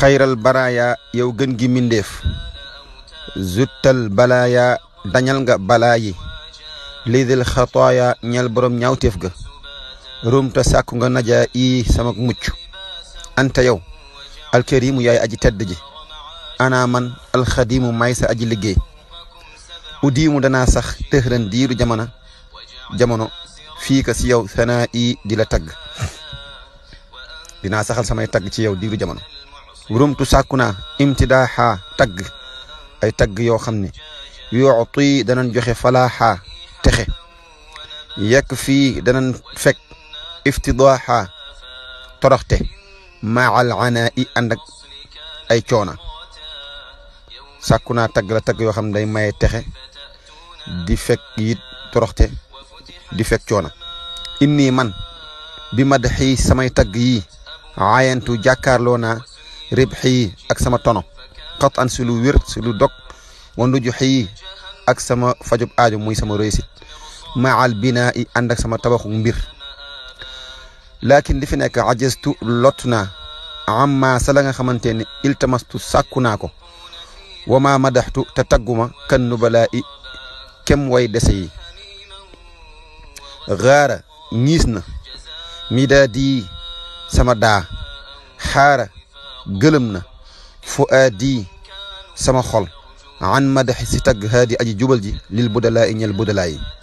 xayral baraaya yow gën gi mindeef zuttal balaaya dañal nga balaa yi lidil xataaya ñel borom ñaawteef ga rumta sàkku nga najaa ii sama mucc anta yow alkarimu yaay aji tedd ji ana man alxadimu may aji liggéey udiimu danaa sax tëxran diiru jamono jamono fii ka si yow sanaa ii di la tagg dinaa saxal samay tagg ci yow diiru jamono rumtu sàkku naa imtidaaxa tagg ay tagg yoo xam ne yootuy danañ joxe falaaxa texe yekk fii danañ fekk iftidaaxa toroxte maal ana i ànd ak ay coona sàkku naa tagg la tagg yoo xam ne day maye texe di fekk it toroxte di fekk coona inni man bi ma samay tagg yi aayantu ribxi yi ak sama tono xat an si lu wér si lu dog wandu ju xi ak sama fajub aajo muy sama réussite maal binaa i ànd ak sama tabaxu mbir laakin li fi nekk ajastu lot naa amma sa la nga xamante ni iltamastu sàkku naa ko wa ma madaxtu te tagguma kan nu balaa i kem way dese yi xaara ñiis na midaadi sama daa xaara گلمنا فؤادي سما خول عن مدح ستك هادي اجي جوبل جي للبدلاء نيل بدلاي